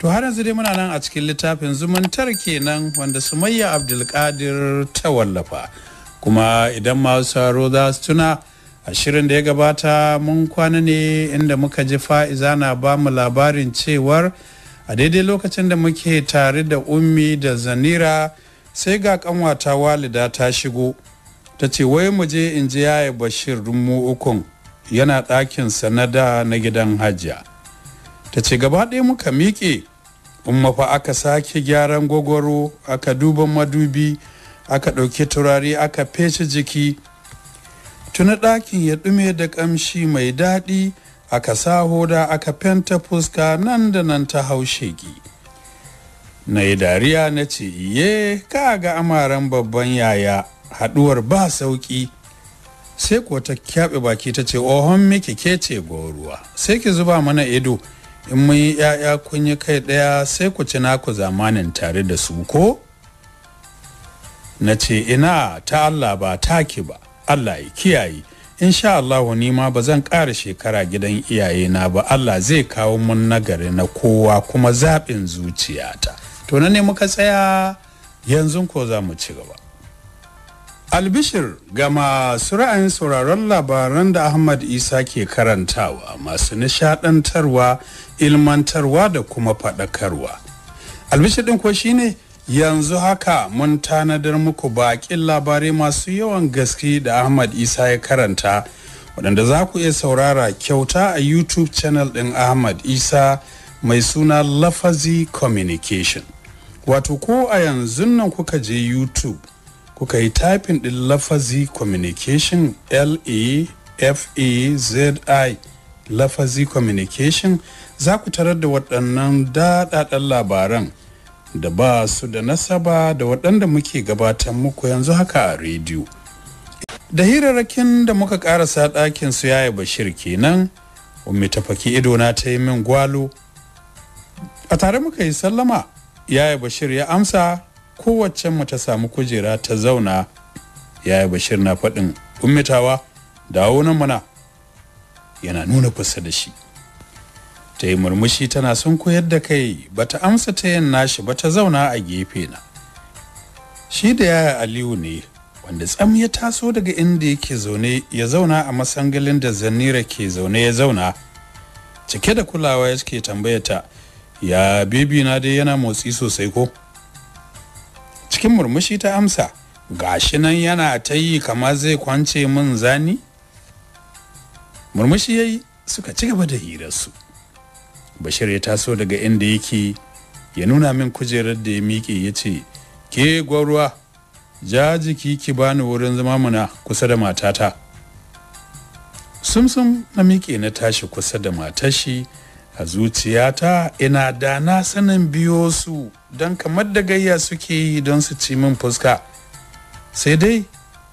to har yanzu dai muna nan a cikin littafin zumuntar kenan wanda sumayya abdulkadir ta wallafa kuma idan masu saro za su tuna ashirin da ya gabata mun kwana ne inda muka ji fa'iza na ba mu labarin cewar a daidai lokacin da muke tare da ummi da zanira sai ga kanwata walida ta shigo ta ce wai mu je in ji yaya bashir mu ukun yana ɗakinsa na da na gidan hajiya ta ce gaba ɗaya muka miƙe in mafa aka sake gyaran gwagwaro aka duba madubi aka ɗauki turare aka fece jiki tuna ɗakin ya ɗume da ƙamshi mai daɗi aka sa hoda aka fenta fuska nan da nan ta haushe gi na yi dariya na ce iye ka ga amaran babban yaya haɗuwar ba sauƙi sai ko ta kyaɓe baki ta ce ohon miki ke ce ruwa?" sai ki zuba mana ido in mun yi ‘ya'ya kun yi kai ɗaya sai ku ci naku zamanin tare da su ko? na ce ina ta Allah ba taki ba Allah ya kiyaye insha Allah ni ma ba zan ƙara shekara gidan iyaye na ba Allah zai kawo mun nagari na kowa kuma zaɓin zuciyata to na ne muka tsaya yanzu ko za mu ci gaba Albishir ga masu ra'ayin sauraron labaran da Ahmad Isa ke karantawa masu nishadantarwa, ilmantarwa da kuma faɗakarwa. Albishir ɗin ko shine yanzu haka mun tanadar muku baƙin labarai masu yawan gaske da Ahmad Isa ya karanta waɗanda za ku iya saurara kyauta a YouTube channel ɗin Ahmad Isa mai suna Lafazi Communication. Wato ko a yanzun nan kuka je YouTube kuka yi typing din lafazi communication l E f E z i lafazi communication za ku tarar da waɗannan daɗaɗɗen labaran da ba su da nasaba da waɗanda muke gabatan muku yanzu haka a rediyo da hirarrakin da muka karasa ɗakin su yaya bashir kenan ummi ta faki idona ta yi min gwalo a tare muka yi sallama yaya bashir ya amsa kowace mu ta samu kujera ta zauna yi bashir na faɗin ummitawa dawo nan mana yana nuna kusa da shi ta yi murmushi tana sun koyar da kai ba ta amsa ta yin nashi ba ta zauna a gefe na shi da yaya aliyu ne wanda tsam ya taso daga inda yake zaune ya zauna a masangalin da zanira ke zaune ya zauna cike da kulawa ya ke tambayata ya bibi na dai yana motsi sosai ko cikin murmushi ta amsa gashi nan yana ta yi kama zai kwance min zani murmushi ya yi suka ci gaba da hirarsu bashir ya taso daga inda yake ya nuna min kujerar da ya miƙe ya ce ke gwarwa ja jiki ki bani wurin zama muna kusa da matata sumsum na miƙe na tashi kusa da matashi a zuciyata ina da na sanin biyo su don kamar da gayya suke yi don su ci min fuska sai dai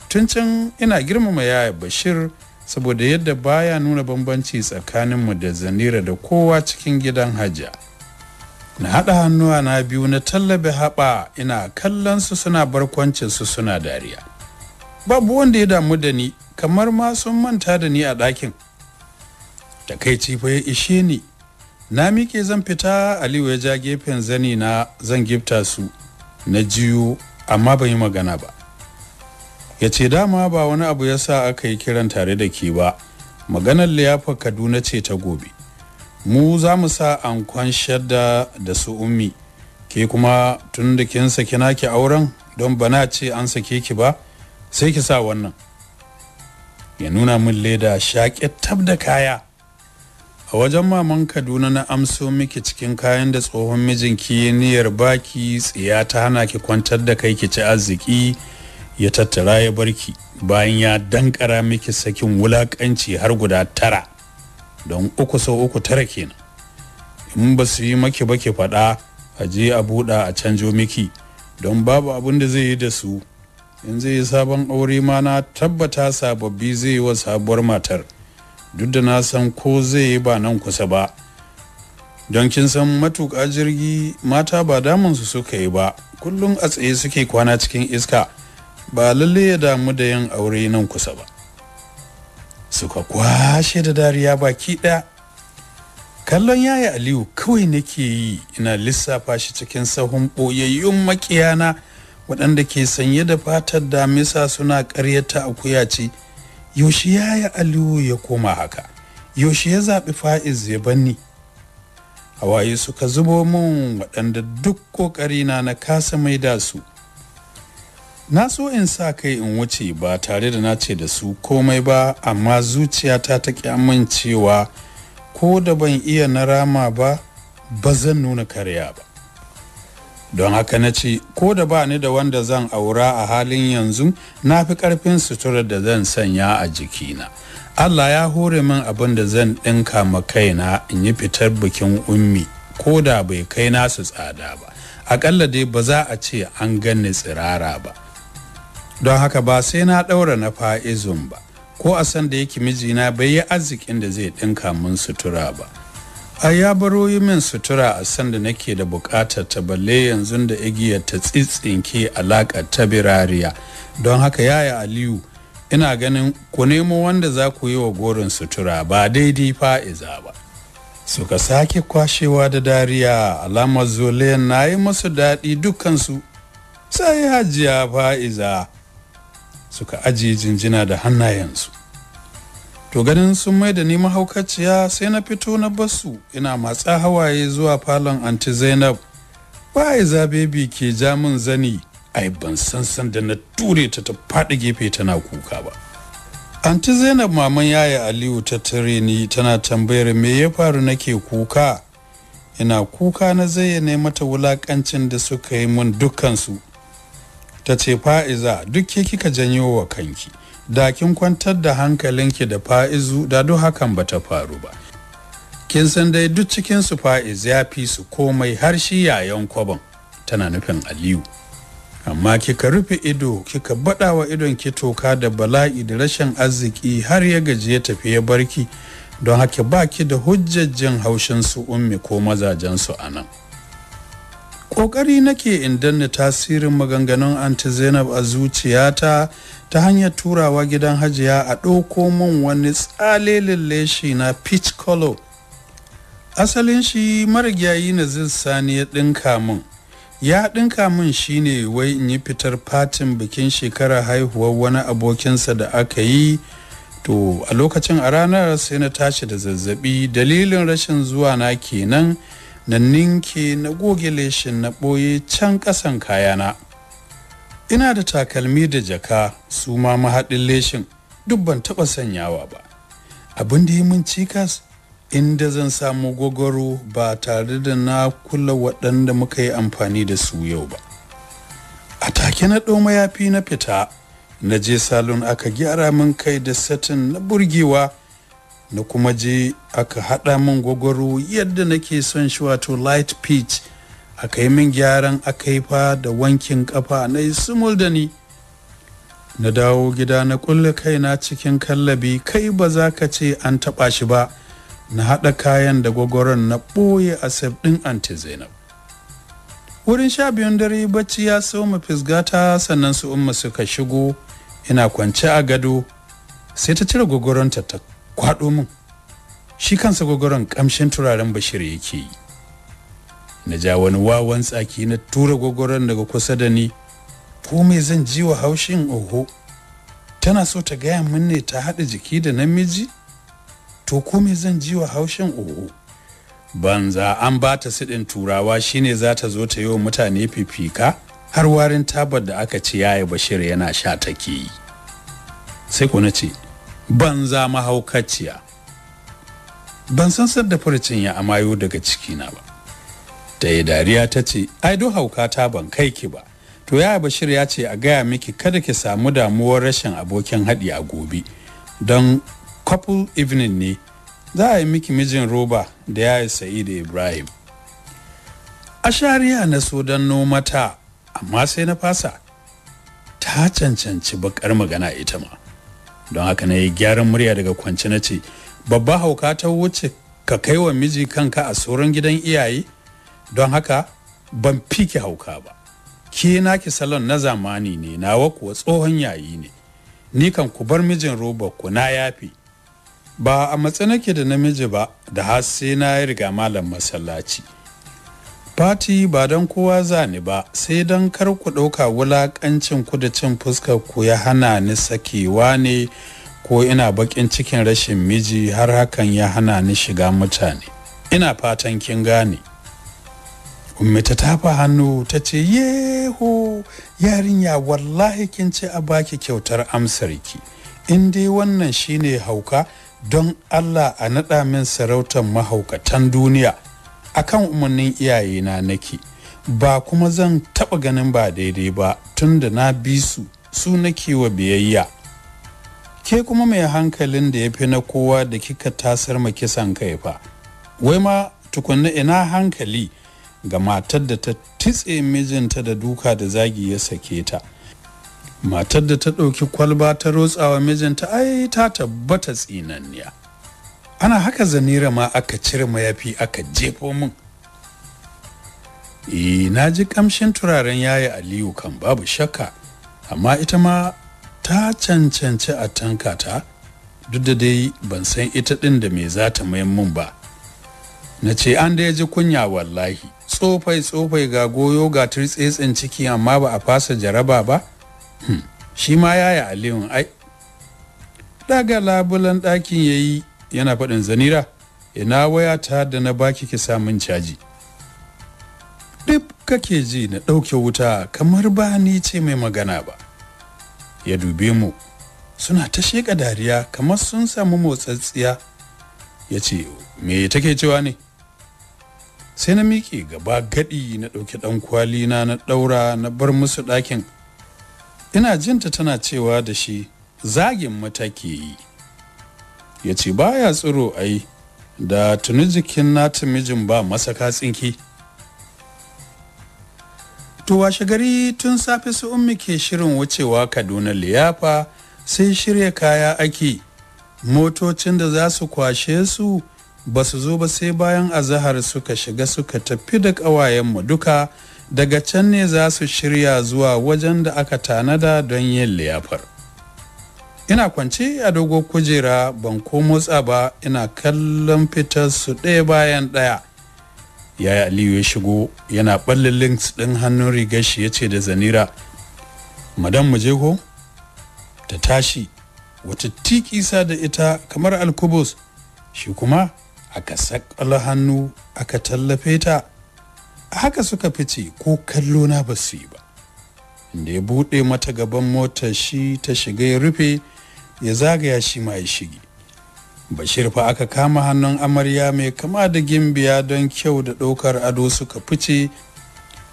tun can ina girmama yaya bashir saboda yadda baya nuna bambanci tsakaninmu da zanira da kowa cikin gidan hajja na haɗa hannuwa na biyu na tallabe haɓa ina kallon su suna barkwancin su suna dariya babu wanda ya damu da ni kamar ma sun manta da ni a ɗakin takaici fa ya ishe ni na miƙe zan fita aliyu ya ja gefen zani na zan gifta su na jiyo amma ban yi magana ba ya ce dama ba wani abu ya sa aka yi kiran tare da ke ba maganar liyafa kaduna ce ta gobe mu za mu sa ankon shadda da su ummi ke kuma tun da kin saki naki auren don bana ce an sake ki ba sai ki sa wannan ya nuna min leda shaƙe tab da kaya a wajen maman kaduna na amso miki cikin kayan da tsohon mijinki niyyar baki tsiya ta hana ki kwantar da kai ki ci arziki ya tattara ya barki bayan ya dankara miki sakin wulakanci har guda tara don uku sau uku tara kenan in ba su yi maki ba ki faɗa a je a buɗa a canjo miki don babu abin da zai yi da su in zai yi sabon aure ma na tabbata sababbi zai yi wa sabuwar matar duk da na san ko zai yi ba nan kusa ba don kin san matuƙa jirgi mata ba su suka yi ba kullum a tsaye suke kwana cikin iska ba lalle ya damu da yin aure nan kusa ba suka kwashe da dariya baki ɗaya kallon yaya aliyu kawai nake yi ina lissafa shi cikin sahun ɓoyayyun makiyana waɗanda ke sanye da fatar damisa suna ƙaryata akuya ce yaushe yi aliyu ya koma haka yaushe ya zaɓi fa'iz ya banni hawaye suka zubo min waɗanda duk ƙoƙari na kasa mai da su na so in sa kai in wuce ba tare da na ce da su komai ba amma zuciyata ta ƙi amincewa ko da ban iya na rama ba ba zan nuna karya ba don haka na ce ko da ba ni da wanda zan aura a halin yanzu na fi ƙarfin sutura da zan sanya a jikina allah ya hore min abin da zan ɗinka ma kaina in yi fitar bikin ummi ko da bai kai nasu tsada ba aƙalla dai ba za a ce an ganni tsirara ba don haka ba sai na ɗaura na fa'izun ba ko a san da yake mijina bai yi arzikin da zai ɗinka mun sutura ba a ya baro yi min sutura a sanda nake da bukatar ta balle yanzu da igiyar ta tsitsinke alaƙa ta birariya don haka yaya aliyu ina ganin ku nemo wanda za ku yi wa gorin sutura ba daidai fa'iza ba suka sake kwashewa da dariya alamar zole na yi masu daɗi dukansu sai hajiya fa'iza suka ajiye jinjina da hannayensu to ganin sun mai da ni mahaukaciya sai na fito na basu ina matsa hawaye zuwa falon anti zainab ba za bebi ke ja min zani ai ban san san da na ture ta ta faɗi gefe tana kuka ba anti zainab maman yaya aliyu ta tare ni tana tambayar me ya faru nake kuka ina kuka na zayyane mata wulakancin da suka yi mun dukkansu ta ce fa'iza duk ke kika janyo wa kanki da kin kwantar da hankalinki da fa'izu da duk hakan ba ta faru ba kin san dai duk cikin su fa'iz ya fi su komai har shi yayan kwabon tana nufin aliyu amma kika rufe ido kika baɗawa idon ki toka da bala'i da rashin arziki har ya gaji ya tafi ya barki don haka baki da hujjajjin haushin su ummi ko mazajen su anan. ƙoƙari nake in danna tasirin maganganun anti zainab a zuciyata ta hanyar turawa gidan hajiya a ɗauko mun wani tsalelin leshi na peach color asalin shi marigayi na zin sani ya ɗinka min ya ɗinka min shine wai in yi fitar fatin bikin shekara haihuwar wani abokinsa da aka yi to a lokacin a ranar sai na tashi da zazzabi dalilin rashin zuwa na kenan na ninke na goge leshin na ɓoye can ƙasan kayana ina da takalmi da jaka su ma mahaɗin leshin duk ban taɓa sanyawa ba abin da yi min cikas inda zan samu gogoro ba tare da na kula waɗanda muka yi amfani da su yau ba a take na ɗoma yafi na fita na je salon aka gyara min kai da satin na burgewa na kuma ji aka haɗa min gwagwaro yadda nake son shi wato light pitch aka yi min gyaran aka yi fa da wankin kafa na yi sumul da ni na dawo gida na kulle kaina cikin kallabi kai ba za ka ce an taɓa shi ba na haɗa kayan da gwagwaron na ɓoye a ɗin anti zainab wurin sha biyun dare bacci ya so mu fisgata sannan su umma suka shigo ina kwance a gado sai ta cire gwagwaron ta kwaɗo min shi kansa gwagwaron ƙamshin turaren bashir yake yi na ja wani wawan tsaki na tura gwagwaron daga kusa da ni ko me zan ji wa haushin oho tana so ta gaya min ne ta haɗa jiki da namiji to ko me zan ji wa haushin oho banza an ba ta siɗin turawa shine za ta zo ta yi wa mutane fifika har warin tabar da aka ci yaya bashir yana sha take yi sai ko na ce Ban banza mahaukaciya ban san sadda furcin ya amayo daga cikina ba ta yi dariya ta ce ai do hauka ta ban kai ki ba to ya bashir ya ce a gaya miki kada ki samu damuwar rashin abokin haɗi a gobe don couple evening ne za a yi miki mijin roba da ya yi sa'i da ibrahim a shari'a na so don noma ta amma sai na fasa ta cancanci bakar magana ita ma don haka na yi gyaran murya daga kwance na ce babba hauka ta wuce ka kai wa miji kanka a tsoron gidan iyaye don haka ban ki hauka ba ke naki salon na zamani ne nawa kuwa tsohon yayi ne ni kan ku bar mijin roba ku na yafi ba a matsa nake da namiji ba da har sai na riga malam masallaci fati ba don kowa zani ba sai don kar ku ɗauka wulaƙancin ku da cin fuskar ku ya hana ni sakewa ne ko ina baƙin cikin rashin miji har hakan ya hana ni shiga mutane ina fatan kin gane ummi ta tafa hannu ta ce yeho yarinya wallahi kin ce a baki kyautar amsarki in dai wannan shine hauka don allah a naɗa min sarautar mahaukatan duniya akan umarnin iyayena nake ba kuma zan taɓa ganin ba daidai ba tun da na bi su su nake wa biyayya ke kuma mai hankalin da ya fi na kowa da kika tasar ma kisan kai fa wai ma tukunna ina hankali ga matar da ta titse mijinta da duka da zagi ya sake ta matar da ta ɗauki kwalba ta rotsawa mijinta ai ta tabbata tsinanniya ana haka zanira ma aka cire mayafi aka jefo min eh na ji kamshin turaren yaya aliyu kan babu shakka amma ita ma ta cancanci a tanka duk da dai ban san ita ɗin da me za ta mayan mun ba na ce an da ya ji kunya wallahi tsofai tsofai ga goyo ga turtsetsen ciki amma ba a fasa jaraba ba hmm, shi ma yaya aliyu ai daga labulan ɗakin ya yi yana faɗin zanira ina wayata da na baki ki samun caji Duk kake ji na ɗauke wuta kamar ba ni ce mai magana ba ya dube mu suna ta sheƙa dariya kamar sun samu motsatsiya ya ce me take cewa ne sai na miƙe gaba gaɗi na ɗauki ɗan kwalina na ɗaura na bar musu ɗakin ina jinta tana cewa da shi zagin mata ke yi ya ce ba ya tsiro a yi da tuni jikin nata mijin ba masaka tsinki to washe gari tun safe su ummi ke shirin wucewa kaduna liyafa sai shirya kaya ake motocin da za su kwashe su ba su zo ba sai bayan azahar suka shiga suka tafi da ƙawayenmu duka daga can ne za su shirya zuwa wajen da aka tanada don yin liyafar. ina kwance a dogo kujera ban ko motsa ba ina kallon fitar su ɗaya bayan ɗaya yaya aliyu ya shigo yana ɓallin links ɗin hannun rigar shi ya ce da zanira madam mu je ta tashi wata tikisa da ita kamar alkubus shi kuma aka sakala hannu aka tallafe ta haka suka fice ko kallo na ba su yi ba da ya buɗe mata gaban motar shi ta shiga ya rufe ya zagaya shi ma ya shige bashir fa aka kama hannun amarya mai kama da gimbiya don kyau da ɗaukar ado suka fice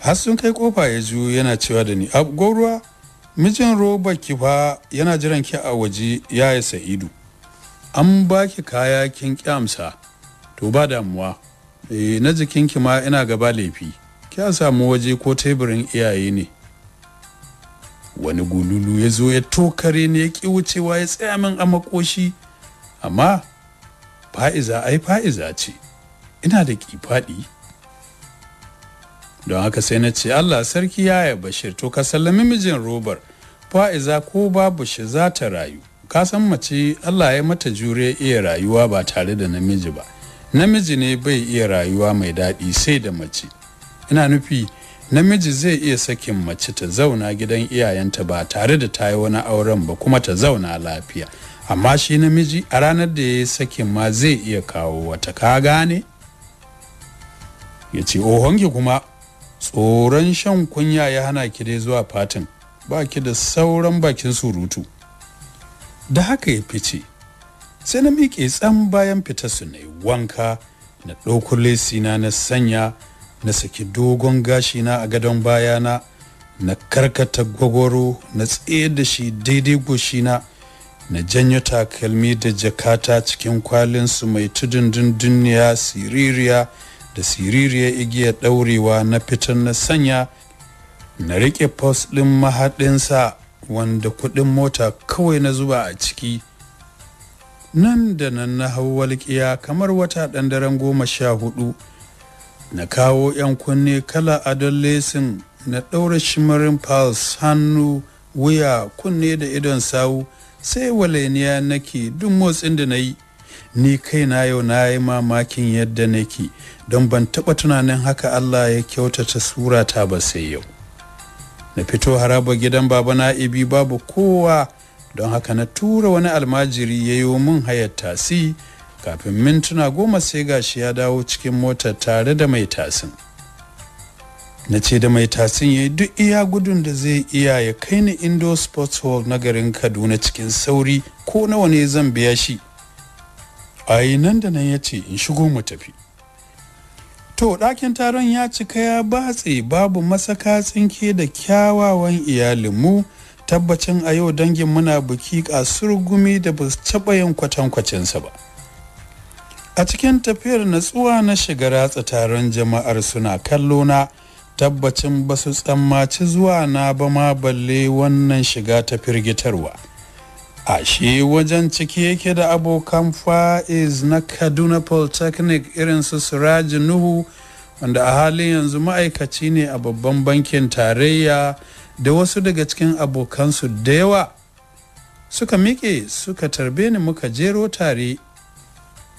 har sun kai kofa ya juyo yana cewa da ni goruwa mijin roba ki fa yana jiran ki a waje ya yi sa'idu an baki kaya kin kyamsa to ba damuwa e, na jikinki ma ina gaba laifi kya samu waje ko teburin iyaye ne wani gululu ya zo ya tokare ne ya ƙi wucewa ya tsaya min a makoshi amma fa'iza ai fa'iza ce ina da kifaɗi don haka sai na ce allah sarki ya ya bashir to ka sallami mijin robar fa'iza ko babu shi za ta rayu ka san mace allah ya mata jure iya rayuwa ba tare da namiji ba namiji ne bai iya rayuwa mai daɗi sai da mace ina nufi namiji zai iya sakin mace ta zauna gidan iyayenta ba tare da ta yi wani auren ba kuma ta zauna lafiya amma shi namiji a ranar da ya yi sakin ma zai iya kawo wata ka gane ya ce ohonki kuma tsoron shan kunya ya hana ki dai zuwa fatin ba ki da sauran bakin surutu da haka ya fice sai na miƙe tsan bayan fita su na wanka na ɗauko lesina na sanya na saki dogon gashi na a gadon bayana na karkata gwagwaro na tsaye da shi daidai goshi na janyo takalmi da jakata cikin kwalinsu mai tudun dunduniya siririya da siririya igiya daurewa na fitar na sanya na rike fos ɗin mahaɗinsa wanda kuɗin mota kawai na zuba a ciki nan da nan na hau walƙiya kamar wata ɗandaren goma sha hudu na kawo 'yan kunne kala adon lesin na ɗaura shimarin pals hannu wuya kunne da idon sawu sai waleniya nake duk motsin da na yi ni kaina yau na yi mamakin yadda nake don ban taɓa tunanin haka allah ya kyautata surata ba sai yau na fito haraba gidan baba ibi babu kowa don haka na tura wani almajiri ya yi min hayar tasi kafin mintuna goma sai gashi ya dawo cikin mota tare da mai tasin na ce da mai tasin ya yi duk iya gudun da zai iya ya kai ni indo sports hall na garin kaduna cikin sauri ko nawa ne zan biya shi a nan da nan ya ce in shigo mu tafi to ɗakin taron ya cika ya batse babu masaka tsinke da kyawawan iyalinmu tabbacin a yau dangin muna buki kasurgumi da ba su taɓa yin kwatankwacinsa ba a cikin tafiyar natsuwa na shiga ratsa taron jama'ar suna kallo na tabbacin ba su tsammaci zuwa na ba ma balle wannan shiga ta firgitarwa ashe wajen ciki yake da abokan fa'iz na kaduna polytechnic irin su siraji nuhu wanda a halin yanzu ma'aikaci ne a babban bankin tarayya da wasu daga cikin abokansu da yawa suka miƙe suka tarbe ni muka jero tare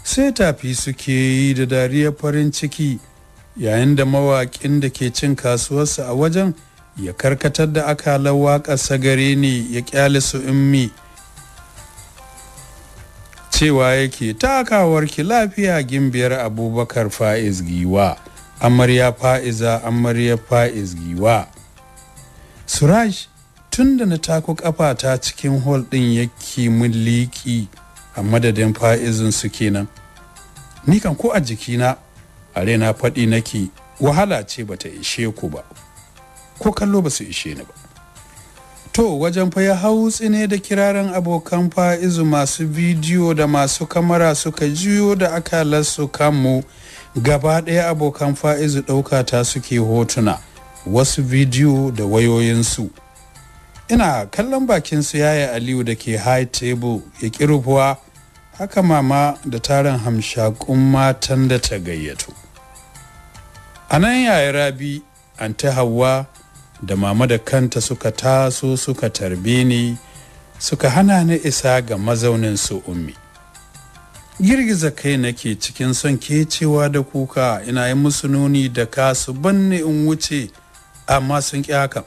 sai tafi suke yi da dariyar farin ciki yayin da mawaƙin da ke cin kasuwarsa a wajen ya karkatar da akalar waƙarsa gare ne ya ƙyale su ummi cewa yake takawarki lafiya gimbiyar abubakar fa'iz giwa amarya fa'iza amarya fa'iz giwa suraj tun da na tako ta cikin hol ɗin yake mun liƙi a madadin fa'izin su kenan ni kan ko a jikina a raina faɗi nake wahala ce bata ishe ku ba ko kallo ba su ishe ni ba to wajen fa ya hau tsine da kiraran abokan fa'izu masu bidiyo da masu kamara suka jiyo da akalarsu kanmu gaba ɗaya abokan fa'izu ɗauka ta suke hotuna wasu bidiyo da wayoyinsu ina kallon bakin su yaya aliyu da ke high table ya ƙi haka mama da tarin hamshakun matan da ta gayyato a nan yaya rabi ta hawa da mama da kanta suka taso suka tarbe ni suka hana ni isa ga mazaunin su ummi girgiza kai nake cikin son kecewa da kuka ina yi musu nuni da kasu banne in wuce amma sun ƙi haka.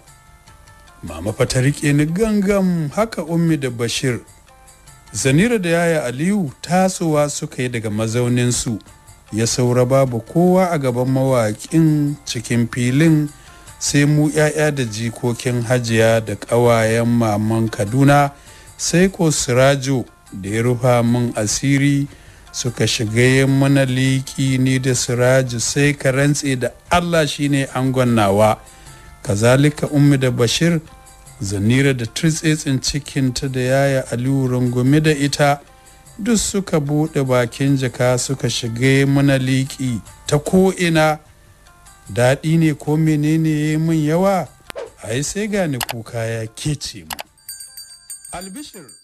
mama fa ta riƙe ni gangan haka ummi da bashir zanira da yaya aliyu tasowa suka yi daga mazauninsu ya saura babu kowa a gaban mawaƙin cikin filin sai mu 'ya'ya da jikokin hajiya da ƙawayen maman kaduna sai ko sirajo da ya rufa min asiri suka shiga mana liƙi ni da sirajo sai ka rantse da allah shine angon nawa kazalika ummi da bashir zanira da tritsetsin cikinta da yaya aliyu rungume da ita duk suka buɗe bakin jaka suka shiga muna liƙi ta ko'ina daɗi ne ko menene ya yi yawa a sai gane kuka ya kece mu albishir